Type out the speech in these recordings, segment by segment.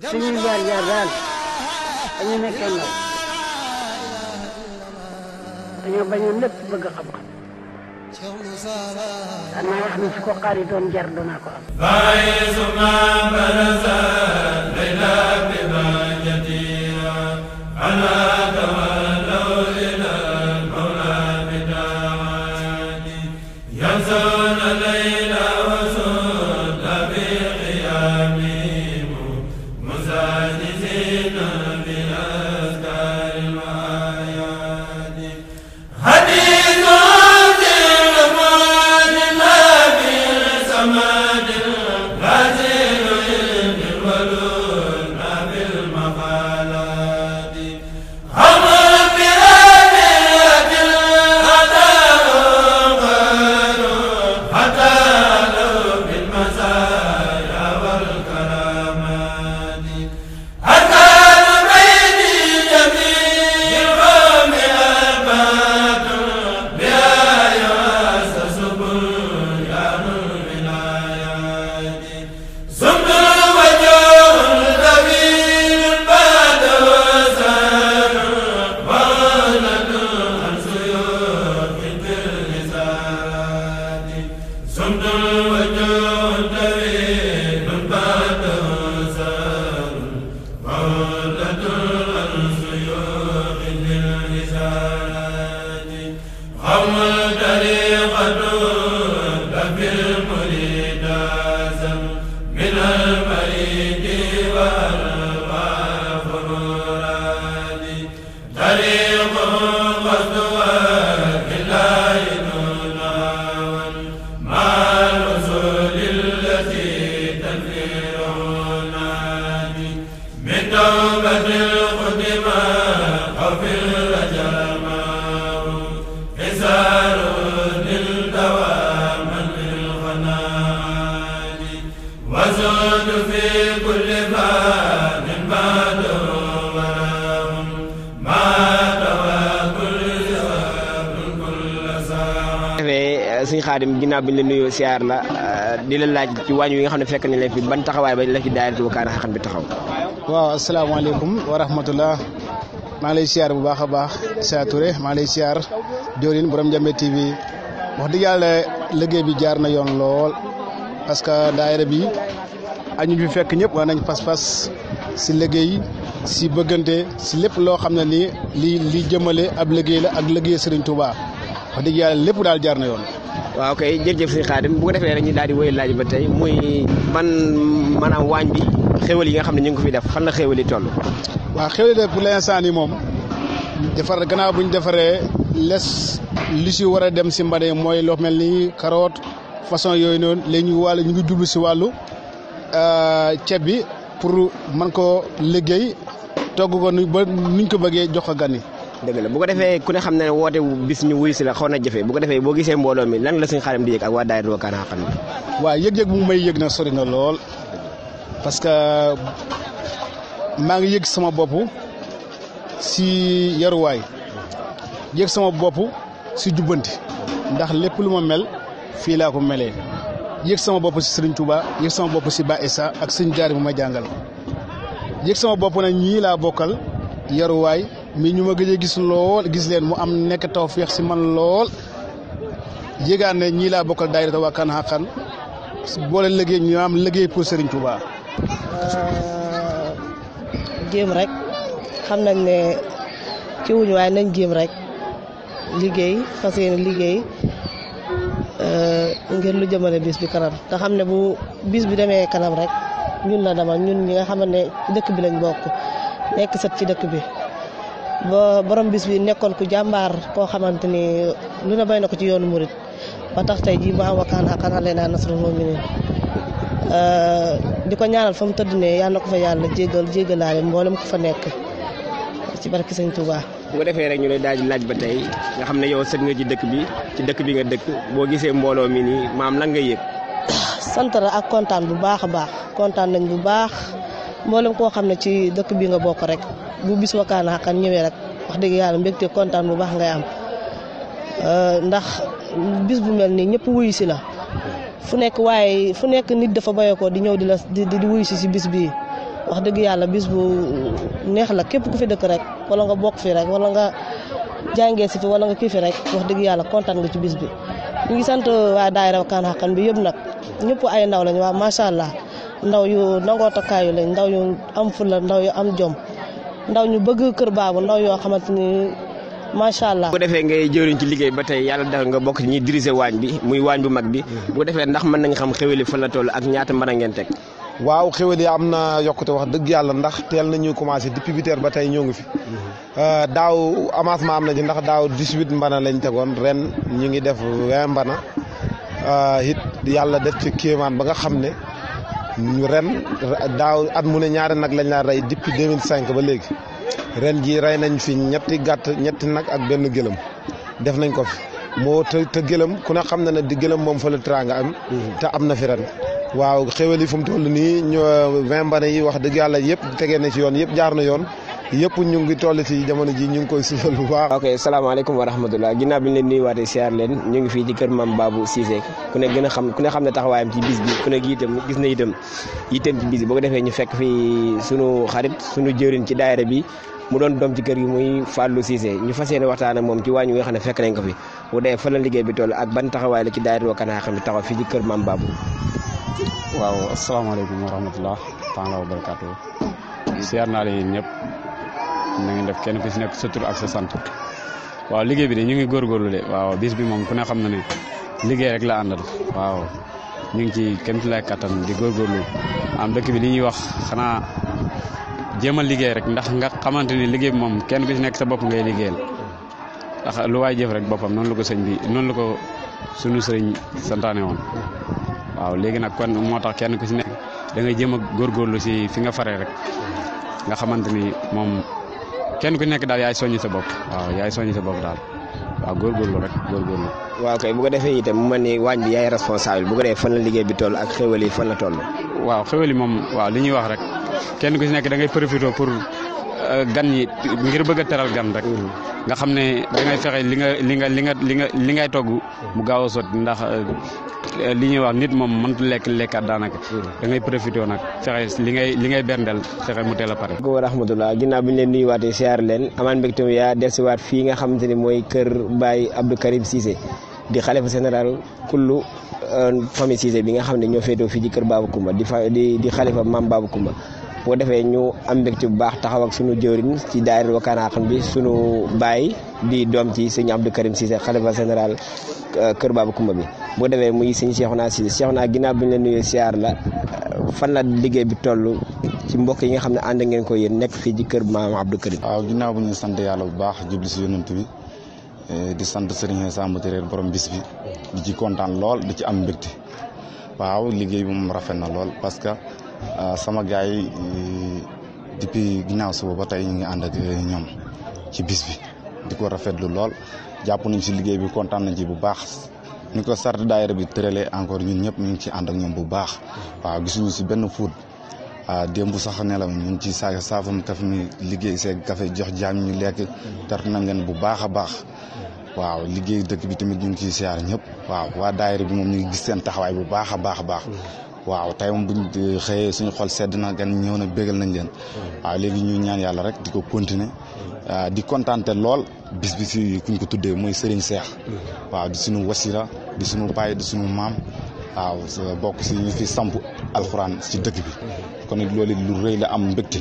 suñuy jaar jaar daal dañu nekkee ndaw dañoo bañoon lépp bëgg xam-xam daan naa wax ne su ko xaar yi doon jar danaa ko am. ينزل ليلا التوبة القدمى أو في الرجاء حزار للدوام للغناء وزود في كل باب ما دوام ما دوى كل جواب كل ساعة سي خادم جناب بن نيو سيار لا di la laaj ci wañu yi nga xamne fekk ni la fi ban taxaway ba la fi daayatu bakkar xam bi taxaw waaw asalaamaaleykum wa rahmatullah maa ngi lay bu baax a baax Sa Touré maa ngi lay siyaar Diorin TV wax dëgg yàlla liggéey bi jaar na yoon lool parce que daayira bi añu fi fekk ñëpp waa nañ pas-pas si liggéey si bëggante si lépp loo xam ne nii li li jëmale ab liggéey la ak liggéey Serigne Touba wax dëgg yàlla lépp daal jaar na yoon. waaw kay jërëjëf si Xaadim bu ko defee rek ñu daal di wéyal laaj ba tey muy ban maanaam waañ bi. xéwal yi nga xam ne ñu ngi ko fi def fan la xéwal yi toll. waaw xéwal yi pour l'instant nii moom defar gannaaw bu ñu defaree les li si war a dem si mbane mooy loo mel ni carotte façon yooyu noonu léegi ñu wàll ñu ngi jublu si wàllu euh, ceeb bi pour man ko liggéey togg ko nu ba nuñ ko bëggee jox ko gan yi. dëgg la bu ko defee ku ne xam ne woote bis ñu wuy si la xaw na jafe bu ko boo gisee mbooloo mi lan la suñu xaalam di yëg ak waa daayira Wakana Haqqan bi. waaw yëg-yëg bu may yëg na sori na lool. parce que ma ngi yegg sama bopp si yaruwaay yegg sama bopp si djubanti ndax lepp lu ma mel fi la ko melé yegg sama bopp si Serigne Touba yegg sama bopp si Ba Issa ak serigne jari bi ma jangal yegg sama bopp nag ñii laa bokkal yaruwaay mi ñuma ma gis lool gis leen mu am nek taw feex si man lool yëgaan ne ñii laa bokkal hakan, Wakana Haqqan boole liggéey ñu am liggéey pour Serigne Touba. jéem euh, rek xam nañ ne ci wuñu waaye nañ jéem rek liggéey fas yéene liggéey euh, ngir lu jëmale bis bi kanam te xam ne bu bis bi demee kanam rek ñun na demal ñun ñi nga xamante ne dëkk bi lañ bokk nekk sët ci dëkk bi ba borom bis bi nekkoon ku jàmbaar koo xamante ni lu ne bay na ci yoonu murit ba tax tey jii mu am wakkaan xaqan alayna nasrul muminin Eh, di ko ñaanal fa mu tëdd ne yàlla na ko fa yàlla jégal jégalaale mboolem ko fa nekk ci barke sëñ Touba. bu ko defee rek ñu lay daal laaj ba tey nga xam ne yow sët nga ci dëkk bi ci dëkk bi nga dëkk boo gisee mbooloo mi nii maam lan nga yëg. sant la ak kontaan bu baax a baax kontaan nañ bu baax mboolem koo xam ne ci dëkk bi nga bokk rek bu bis wakaan xaqan ñëwee rek wax dëgg yàlla mbégte kontaan bu baax ngay am eh, ndax bis bu mel nii ñëpp wuyu si la. fu nekk waaye fu nekk nit dafa bayekoo di ñëw di la di di wuyu si si bis bi wax dëgg yàlla bis bu neex la képp ku fi dëkk rek wala nga bokk fi rek wala nga jàngee si fi wala nga kii fi rek wax dëgg yàlla kontaan nga ci bis bi. ñu ngi sant waa daayira Wakana Haqqan bi yëpp nag ñëpp ay ndaw lañ waa macha allah ndaw yu nangoo takkaayu lañ ndaw yu am fulla ndaw yu am jom ndaw ñu bëgg kër baabu ndaw yoo xamante ni macha allah. bu defee ngay jëriñ ci liggéey ba tey yàlla def nga bokk ci ñuy diriger waañ bi muy waañ bu mag bi bu defee ndax mën nañ xam xéwali fan la toll ak ñaata mën a ngeen teg waaw xéwal yi am na yokkute wax dëgg yàlla ndax teel nañuy commencé depuis huit heures ba tey ñëw ngi fi euh, daaw avancement am na ci ndax daaw dix-huit mbana lañ tegoon ren ñu ngi def vingt mbana euh, it yàlla def ci kéemaan ba nga xam ne ren daaw at mu ne ñaari nag lañ laa rey depuis deux cinq ba léegi ren jii rey nañ fi ñetti gàtt ñetti nag ak benn gëlëm def nañ ko fi moo te te gëlëm ku ne xam na ne di gëlëm moom fa la teraanga am mhm. te am na fi ren waaw xéwal yi fu mu toll nii ñu vingt wax dëgg yàlla yëpp tegee na ci yëpp jaar na yoon yëpp ñu ngi toll ci jamono ji ñu ngi koy suufal bu baax. ok salaamaaleykum wa rahmatulah ginnaaw bi ñu leen nuyuwaatee siyaar leen ñu ngi fii ci kër maam Babou Cissé ku ne gën a xam ku ne xam ne taxawaayam ci bis bi ku ne itam gis na itam itam ci bis boo ko defee ñu fekk fii sunu xarit sunu jëriñ ci daayira bi. mu doon dom ci kër yi muy fallu Cissé ñu fas yéene waxtaan ak moom ci wañu nga xam fekk nañ ko fi bu dé fa la liggéey bi toll ak ban taxaway la ci daayir wo kana xam taxaw fi ci kër mam babu waaw assalamu alaykum wa rahmatullah taala wa barakatuh siyaar naa leen ñëpp na ngeen def kenn ku ci nekk sa tur ak sa sant waaw liggéey bi de ñu ngi gor góorgóorlu de waaw bis bi mom ku ne xam na ne liggéey rek la andal waaw ñu ngi ci kenn ci lay kattan di gor góorgóorlu am dëkk bi li ñuy wax xanaa jéem a liggéey rek ndax nga xamante ni liggéey bi moom kenn ku ci nekk sa bopp ngay liggéeyal ndax lu waay jëf rek boppam noonu la ko sëñ bi noonu la ko sunu sëriñ santaane woon waaw nag kon moo tax kenn ku ci nekk da ngay jéem a góorgóorlu si fi nga faree rek nga xamante ni moom kenn ku nekk daal yaay soññ sa bopp waaw yaay soññ sa bopp daal waaw góorgóorlu rek góorgóorlu. waaw kay bu ko defee itam mu mel ni waañ bi yaay responsable bu ko fan la liggéey bi toll ak xéwal fan la toll. waaw xéwal moom waaw li ñuy wax rek. kenn ku si nekk dangay ngay profité pour euh, gan yi ngir bëgg a teral gan rek. Mm-hmm. nga xam ne dangay fexe li nga li nga li nga li nga li ngay togg mu gaaw a sotti ndax euh, li ñuy wax nit moom mënut lekk lekkaat daanaka. Mm-hmm. dangay profité nag fexe li ngay li ngay berndeel fexe mu teel a pare. wa rahmatulah ginnaaw bi ñu leen nuyuwaatee siyaar leen amaan mbégte mu yaa dellusiwaat fi nga xamante ni mooy kër Baye Abdou Karim Cissé di xalifa général kullu euh, famille Cissé bi nga xam ne ñoo féetoo fii ci kër Baba Coumba di fa di di xalifa maam Baba Coumba. boo defee ñu am mbégte bu baax taxaw ak sunu jëwriñ ci daayira Wakana xam bi suñu baay di doom ci sëñ Abdou Karim Cissé xalifa général euh, kër Baba Kumba bi boo defee muy sëñ Cheikhouna Cissé Cheikhouna ginnaaw bi ñu la nuyoo siyaar la euh, fan la liggéey bi toll ci mbokk yi nga xam ne ànd ngeen ko yéen nekk fii ci kër maam Abdou Karim waaw ginnaaw bu ñu sant yàlla bu baax jubli si yonent bi euh, di sant Serigne Sam matériel borom bis bi di ci kontaan lool di ci am mbégte waaw liggéey bi moom rafet na lool Euh, sama gars yi depuis ginnaaw suba ba tey ñu ngi ànd ak ñoom ci bis bi di ko rafetlu lool jàpp nañ ci liggéey bi kontaan nañ bu baax ni ko sart daayira bi tëralee encore ñun ñëpp ñu ngi ci ànd ak ñoom bu baax waaw gisuñu si benn fuut ah démb sax ne la ñu ngi ci saa saafam kaf mi liggéey seeg kafe jox jaam ñu lekk tartu nañ leen bu baax a baax waaw liggéey dëkk bi tamit ñu ngi ciy siyaar ñëpp waaw waa daayira bi moom ñu ngi gis seen taxawaay bu baax a baax a baax waaw tey moom buñ xëyee suñu xol sedd na gan ñëw na bégal nañ leen hmm. waaw léegi ñuy ñaan yàlla rek di ko continuer hmm. di kontaante lool bis bi si kuñ ko tuddee muy Serigne Cheikh hmm. waaw di suñu wasila di suñu baay di suñu maam waaw bokk si ñu fi samp alxuraan si dëkk bi kon it loolu lu rëy la am mbégte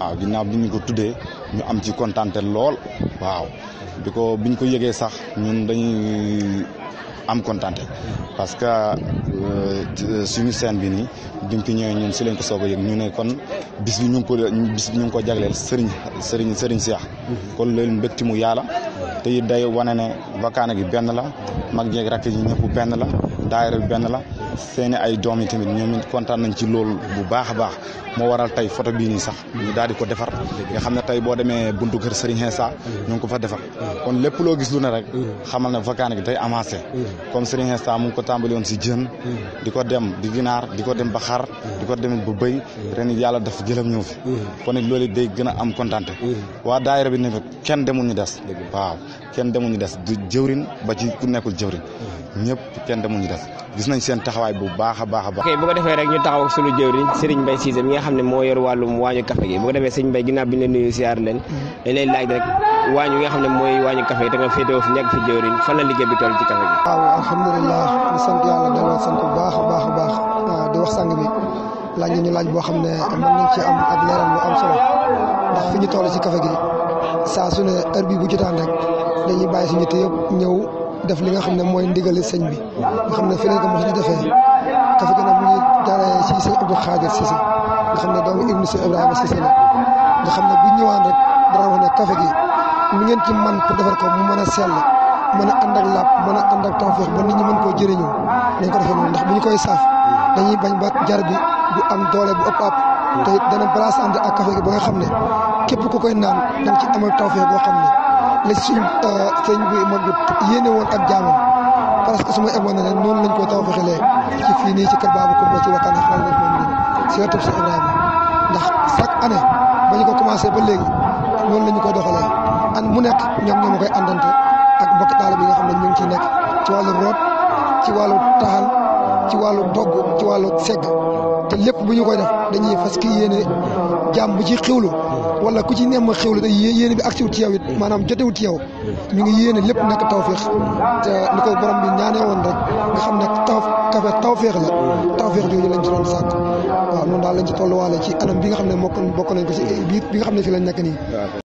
waaw ginnaaw bi ñu ko tuddee ñu am ci kontaante lool waaw bi ko biñ ko yëgee sax ñun dañuy am kontante parce Euh, euh, suñu scène bi nii bi mu fi ñun si lañ ko soog a yëg ñu ne kon bis bi ñu ngi ko bis ñu ngi ko jagleel sëriñ sëriñ sëriñ Seex kon loolu mbégti mu yàlla te it day wane ne Wakana gi benn la mag ñeeg rakk yi ñëpp benn la daayira bi benn la seeni ay doom yi tamit ñoom kontaan nañ ci loolu bu baax a baax moo waral tey photo bii nii sax ñu daal di ko defar nga xam ne tey boo demee buntu kër Serigne sax ñu ngi ko fa defar kon lépp loo gis lu ne rek xamal ne Wakana gi day avancé comme Serigne Insa mu ngi ko tàmbali woon si jën di ko dem di ginaar di ko dem ba xar di ko dem ba bëy ren it yàlla daf jëlam ñëw fi kon it loolu day gën a am kontaante waa daayira bi ne kenn demul ñu des waaw kenn demul ñu des du jëwrin ba ci ku nekkul jëwrin ñëpp kenn demul ñu des gis nañ seen taxawaay bu baax a baax a baax. ok bu ko defee rek ñu taxaw ak sunu jëwriñ Serigne Mbaye Cissé mi nga xam ne moo yor wàllum waañu café gi bu ko defee Serigne Mbaye ginnaaw bi ñu leen nuyu siyaar leen mm-hmm. dañ lay laaj rek waañu nga xam ne mooy waañu café da nga féetewoo fi nekk fi jëwriñ fan la liggéey bi toll ci café gi. waaw ba ñu sant yàlla delloo sant baax a baax a baax ah, di wax sàng bi laaj ñu laaj boo xam ne mën nañ ci am ak leeral lu am solo ndax fi ñu toll ci café gi saa su ne heure bu jotaan rek dañuy bàyyi suñu yitte ñëw def li nga xam ne mooy ndigali sëñ bi nga xam ne fii lañ ko mos di defee kafe gi nag mu ngi jaaree si sëñ Abdou Khadir nga xam ne doomu Ibnu Sëñ Ibrahima Cissé la nga xam ne bu ñëwaan rek dara wax ne kafe gi mu ngeen ci man pour defar ko mu mën a sell mën a ànd ak làpp mën a ànd ak tawfeex ba nit ñi mën koo jëriñoo ko defee noonu ndax bu ñu koy saaf dañuy bañ ba jar bi du am doole bu ëpp àpp te dana balaa ànd ak kafe gi ba nga xam ne képp ku koy naan da nga ci amal la suñu euh, sëñ bi mag bi yéene woon ak jaamam parce que su ma amoon na leen noonu lañ ko taw fexelee ci fii nii ci kër Baba Coumba ci wakkaan xaal la moom ndax chaque année ba ñu ko commencé ba léegi noonu la ñu ko doxalee an mu nekk ñoom ñoo ma koy àndante ak mbokk taal bi nga xam ne ñu ngi ciy nekk ci wàllu root ci wàllu taxal ci wàllu dogg ci wàllu segg lépp bu ñu koy def dañuy fas ki yéene jàmm bu ci xiwlu wala ku ci neem a xiwlu te yéene bi agsiwut ci yow it maanaam jotewut ci yow ñu ngi yéene lépp nekk tawféex te ni ko borom bi ñaanee woon rek nga xam ne taw kafe tawféex la tawféex jooju lañ ci doon sàkk waaw noonu daal lañ ci anam bi nga xam ne moo bokk nañ ko si bi nga xam ne si lañ nekk nii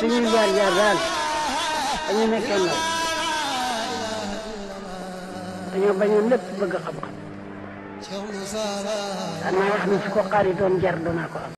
suñuy jaar jaar daal dañu nekkee ndaw dañoo bañoon lépp bëgg xam-xam daan naa wax ne su ko xaaritoon jar doonaa ko am